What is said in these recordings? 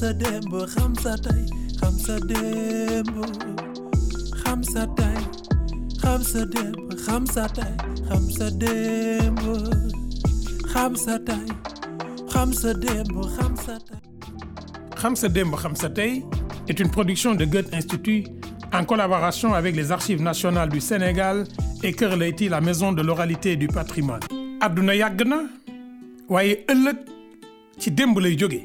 sa démb xam sa tey xam sa démb xam xam sa démb xam production de Goethe Institut en collaboration avec les Archives nationales du Sénégal et Kër Leyti la maison de l'oralité et du patrimoine. àdduna yàgg na waaye ëllëg ci démb lay jógee.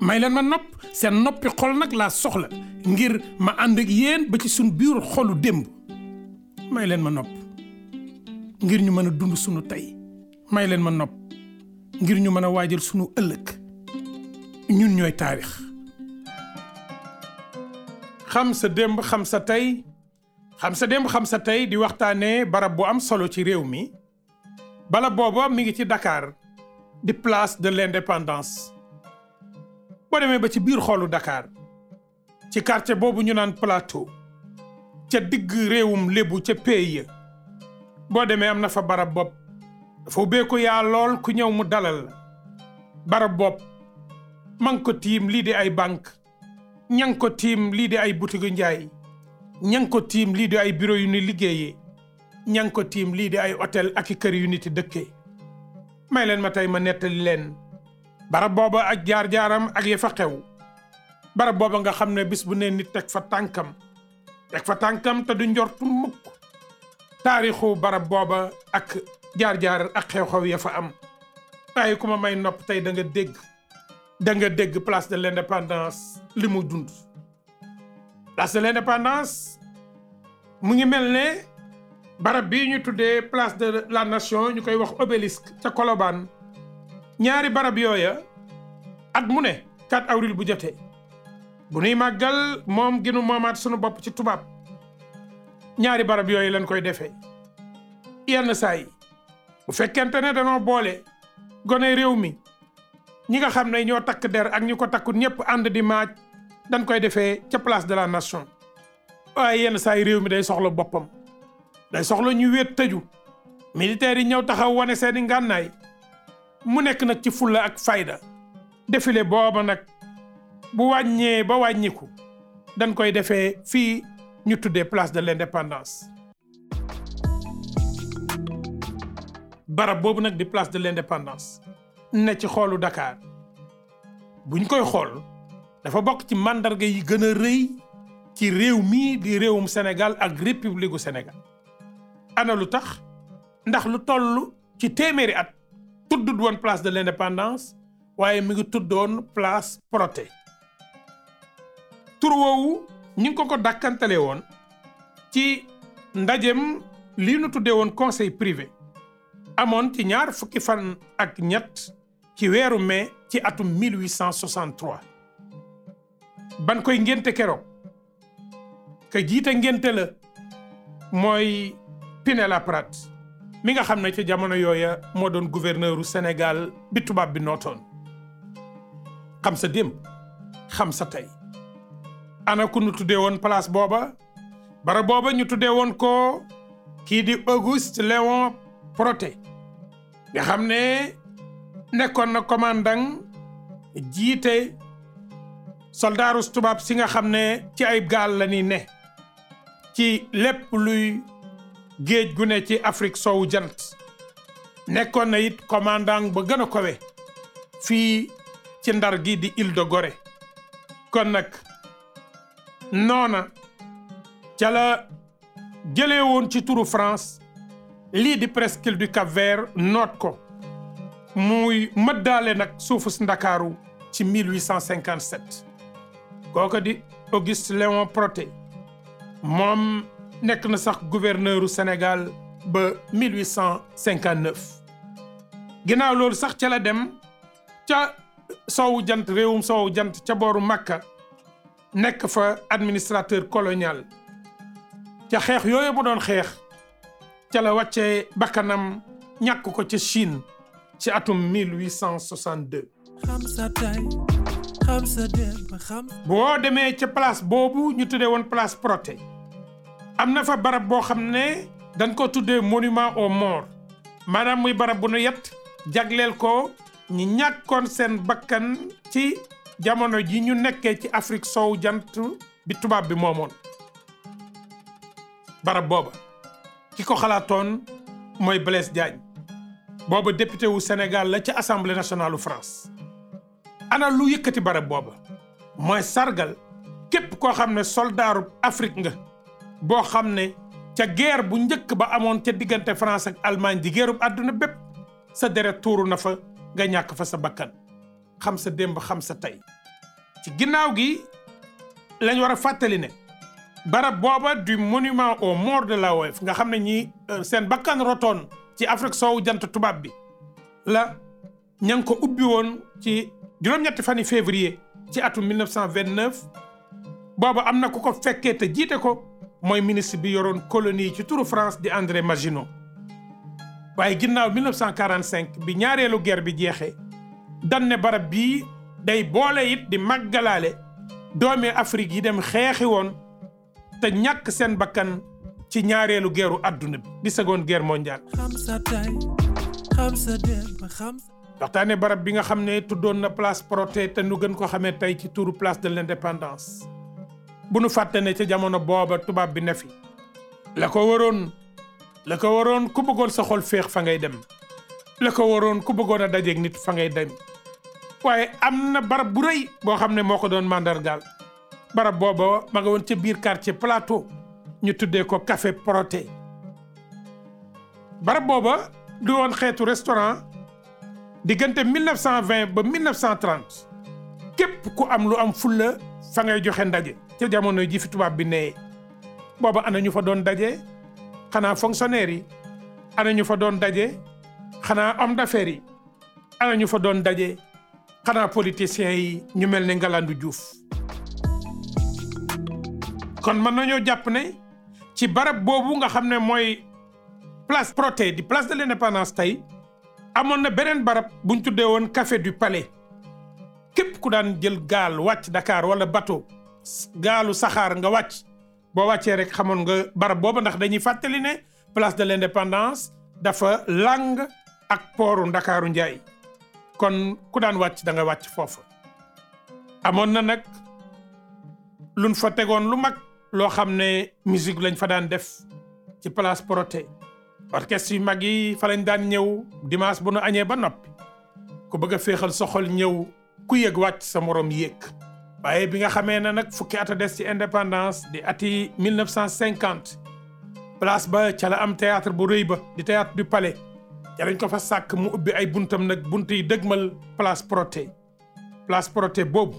may leen ma nopp seen noppi xol nag laa soxla ngir ma ànd ak yéen ba ci suñ biir xolu démb may leen ma nopp ngir ñu mën a dund sunu tey may leen ma nopp ngir ñu mën a waajal sunu ëllëg ñun ñooy taarix xam sa démb xam sa tey xam sa démb xam sa tey di waxtaanee barab bu am solo ci réew mi bala booba mi ngi ci Dakar di place de l'indépendance boo demee ba ci biir xoolu Dakar ci quartier boobu ñu naan plateau ca digg réewum lébu ca pays boo demee am na fa barab bopp dafa ubbeeku yaa lool ku ñaw mu dalal barab bopp man ko tiim lii di ay bank ña ko tiim lii di ay butigu njaay ña ko tiim lii di ay bureau yu ni liggéeyee ña ko tiim lii di ay otel ak i kër yu nit yi dëkkee may leen ma tey ma nettali leen barab booba ak jaar-jaaram ak ya fa xew barab booba nga xam ne bis bu ne nit teg fa tànkam teg fa tànkam te du njortu mukk taarixu barab booba ak jaar-jaar ak xew-xew yafa am waaye ku ma may nopp tey da nga dégg da nga dégg place de l'indépendance li mu dund place de l'indépendance mu ngi mel ne barab bi ñu tuddee place de la nation ñu koy wax obélisque ca Colobane ñaari barab yooya at mu ne 4 awril bu jotee bu nuy màggal moom ginu moomaat sunu bopp ci tubaab ñaari barab yooyu lañ koy defee yenn saay yi bu fekkente ne danoo boole gone réew mi ñi nga xam ne ñoo takk der ak ñu ko takkut ñëpp ànd di maaj dañ koy defee ca place de la nation waaye yenn saay réew mi day soxla boppam day soxla ñuy wéet tëju militaire yi ñëw taxaw wane seeni ngànnaay mu nekk nag ci fulla ak fayda defile booba nag bu wàññee ba wàññiku dañ koy defee fii ñu tuddee place de l'indépendance barab boobu nag di place de l'indépendance ne ci xoolu Dakar buñ koy xool dafa bokk ci màndarga yi gën a rëy ci réew mii di réewum Sénégal ak république senegal Sénégal lu tax ndax lu toll ci téeméeri at tuddut woon place de l'indépendance waaye mi ngi tuddoon place Protet tur woowu ñi ngi ko ko dàkkantale woon ci ndajem lii nu tuddee woon conseil privé amoon ci ñaar fukki fan ak ñett ci weeru mai ci atum 1863 ban koy ngénte keroog ka jiite ngénte la mooy Pinet-Laprade mi nga xam ne ca jamono yooya moo doon gouverneur u Sénégal bi tubaab bi nootoon xam sa démb xam sa tey ana ku ñu tuddee woon place booba bara booba ñu tuddee woon ko kii di Auguste Léon Protet nga xam ne nekkoon na commandant jiite soldaarus tubaab si nga xam ne ci ay gaal la ni ne ci lépp luy géej gu ne ci Afrique soowu jant nekkoon na it commandant ba gën a kowe fii ci ndar gi di Île de Gorée kon nag noona ca la woon ci turu France lii di presqu'île du Cap-Vert noot ko muy mëddaale nag suufu si Ndakaaru ci 1857 kooka di Auguste Léon Protet moom nekk na sax gouverneuru Sénégal ba 1859 ginnaaw loolu sax ca la dem ca soowu jant réewum soowu jant ca booru Makka nekk fa administrateur colonial ca xeex yooyu bu doon xeex ca la wàccee bakkanam ñàkk ko ca Chine ci atum 1862. boo demee ca place boobu ñu tuddee woon place proté am na fa barab boo xam ne dañ ko tuddee monument aux morts maanaam muy barab bu nu yet jagleel ko ñi ñàkkoon seen bakkan ci jamono ji ñu nekkee ci Afrique soow jant bi tubaab bi moomoon barab booba ki ko xalaatoon mooy Blaise Diagne booba député wu Sénégal ci assemblée nationale u France ana lu yëkkati barab booba mooy sargal képp koo xam ne soldaaru Afrique nga boo xam ne ca guerre bu njëkk ba amoon ca diggante France ak Allemagne di guerre bu àdduna bépp sa deret tuuru na fa nga ñàkk fa sa bakkan xam sa démb xam sa tey ci ginnaaw gi lañ war a fàttali ne barab booba du monument aux morts de la l'AOF nga xam ne ñi euh, seen bakkan rotoon ci Afrique soowu jant tubaab bi la ña ngi ko ubbiwoon ci juróom-ñetti fani février ci atum 1929 booba am na ko ko fekkee te jiite ko mooy ministre bi yoroon colonie ci turu France di André Maginot waaye ginnaaw 1945 bi ñaareelu guerre bi jeexee dan barab bi day boole it di màggalaale doomi Afrique yi dem xeexi woon te ñàkk seen bakkan ci ñaareelu guerru àdduna bi di seconde guerre mondiale. waxtaane barab bi nga xam ne tuddoon na place Protet te nu gën ko xamee tey ci turu place de l'indépendance. bu nu fàtte ne ca jamono booba tubaab bi ne fi la ko waroon la ko waroon ku bëggoon sa xol féex fa ngay dem la ko waroon ku bëggoon a dajeeg nit fa ngay dem waaye am na barab bu rëy boo xam ne moo ko doon mandargaal barab booba ma nga woon ca biir quartier plateau ñu tuddee ko kafe Protet barab booba du woon xeetu restaurant diggante 1920 ba 1930 képp ku am lu am fulla fa ngay joxe ndaje ca jamono ji fi tubaab bi ne booba ana ñu fa doon daje xanaa fonctionnaire yi ana ñu fa doon daje xanaa homme d'affaires yi ana ñu fa doon daje xanaa politiciens yi ñu mel ne Ngalandu juuf kon mën nañoo jàpp ne ci barab boobu nga xam ne mooy place Protet di place de l'indépendance tey amoon na beneen barab bu ñu tuddee woon café du palais képp ku daan jël gaal wàcc Dakar wala bateau. gaalu saxaar nga wàcc boo wàccee rek xamoon nga barab booba ndax dañuy fàttali ne place de l'indépendance dafa lang ak pooru ndakaaru njaay kon ku daan wàcc da nga wàcc foofu amoon na nag lun fa tegoon lu mag loo xam ne musique lañ fa daan def ci place Protet orchestre yu mag yi fa lañ daan ñëw dimanche bu nu añee ba noppi ku bëgg a féexal soxol ñëw ku yëg wàcc sa morom yéeg waaye bi nga xamee ne nag fukki at a des ci indépendance di ati 1950 place ba ca la am théâtre bu rëy ba di théâtre du palais ca lañ ko fa sàkk mu ubbi ay buntam nag bunt yi dëgmal place proté place proté boobu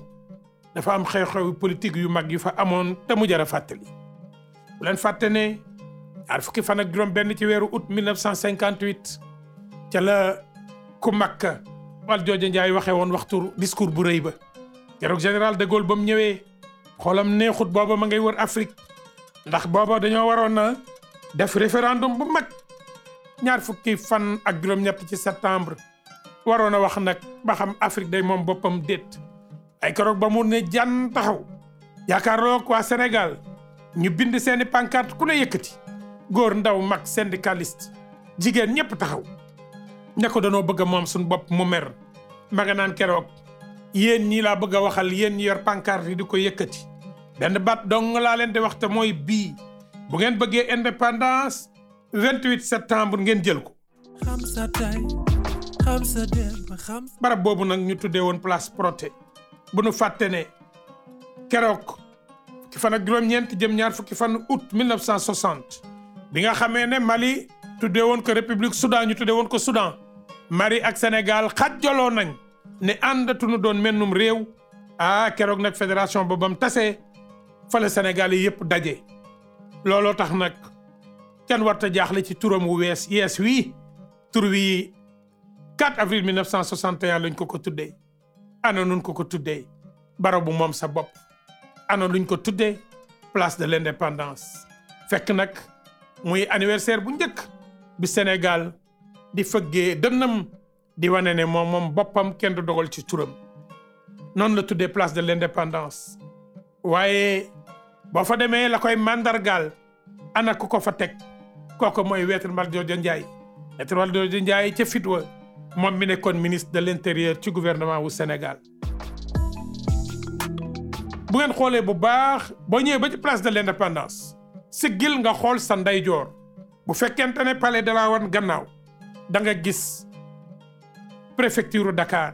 dafa am xew-xew politique yu mag yu fa amoon te mu jar a fàttali bu leen fàtte ne ñaar fukki fan ak juróom benn ci weeru août 1958 ca la ku makka Wal Jooja Njaay waxee woon waxtu discours bu rëy ba keroog général de Gaulle ba mu ñëwee xoolam neexut booba ma ngay wër Afrique ndax booba dañoo waroon na def référendum bu mag ñaar fukki fan ak juróom-ñett ci septembre waroon a wax nag ba xam Afrique day moom boppam déet ay keroog ba mu ne jàn taxaw yaakaaroo ak waa Sénégal ñu bind seeni pancarte ku ne yëkkati góor ndaw mag syndicaliste jigéen ñëpp taxaw ña ko danoo bëgg a moom suñu bopp mu mer ma nga naan keroog. yéen ñii laa bëgg a waxal yéen yor pancarte yi di ko yëkkati benn baat dong laa leen di wax te mooy bii bu ngeen bëggee indépendance 28 septembre ngeen jël ko. barab boobu nag ñu tuddee woon place proté bu nu fàtte ne keroog fukki fan ak juróom-ñeent jëm ñaar fukki fan août 1960 bi nga xamee ne Mali tuddee woon ko république Soudan ñu tuddee woon ko sudan Mali ak Sénégal xajjaloo nañ. ne àndatunu doon mennum réew ah keroog nag fédération ba bam tasee fale Sénégal yi yëpp daje looloo tax nag kenn warta jaaxle ci turam wu wees yees wi tur wi 4 avril 1961 lañ ko ko tuddee ana nuñ ko ko tuddee baro bu moom sa bopp ana luñ ko tuddee place de l'indépendance fekk nag muy anniversaire bu njëkk bi Sénégal di fëggee dënnam di wane ne moom moom boppam kenn du dogal ci turam noonu la tuddee place de l'indépendance waaye boo fa demee la koy mandargaal ana ku ko fa teg kooko mooy Maître Valdiodio Ndiaye Maître Valdiodio Ndiaye ca fitwa moom mi nekkoon ministre de l'intérieur ci gouvernement wu Sénégal bu ngeen xoolee bu baax boo ñëwee ba ci place de l'indépendance siggil nga xool sa ndeyjoor bu fekkente ne palais de la wan gannaaw danga gis préfecture Dakar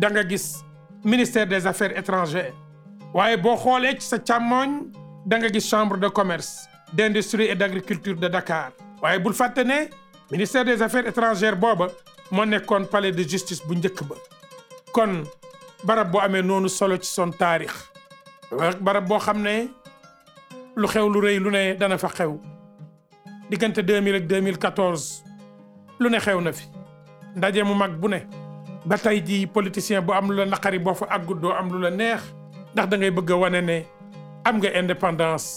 da nga gis ministère des affaires étrangères waaye boo xoolee ci sa càmmooñ da nga gis chambre de commerce d'industrie et d'agriculture de Dakar waaye bul fàtte ne ministère des affaires étrangères booba moo nekkoon palais de justice bu njëkk ba kon barab bu amee noonu solo ci son taarix barab boo xam ne lu xew lu rëy lu ne dana fa xew diggante 2000 ak 2014 lu ne xew na fi ndaje mu mag bu ne ba tey jii politicien bu am lu la naqari boo fa àggut doo am lu la neex ndax dangay ngay bëgg a wane ne am nga indépendance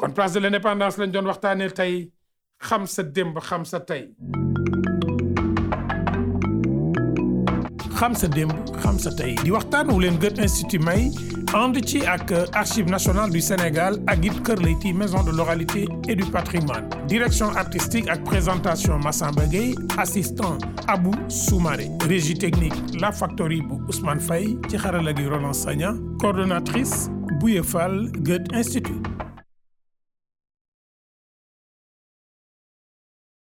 kon place de l'indépendance lañ doon waxtaanee tey xam sa démb xam sa tey. xam sa démb xam sa tey di waxtaan wu leen Goethe Institut may. ànd ci ak archive nationale du Sénégal ak it Kër Leyti maison de l'oralité et du patrimoine direction artistique ak présentation Massamba Gueye assistant Abou Soumaré régie technique la Factory bu Ousmane Faye ci xarala gi Roland Sagna coordonnatrice Bouye Fall Goethe Institut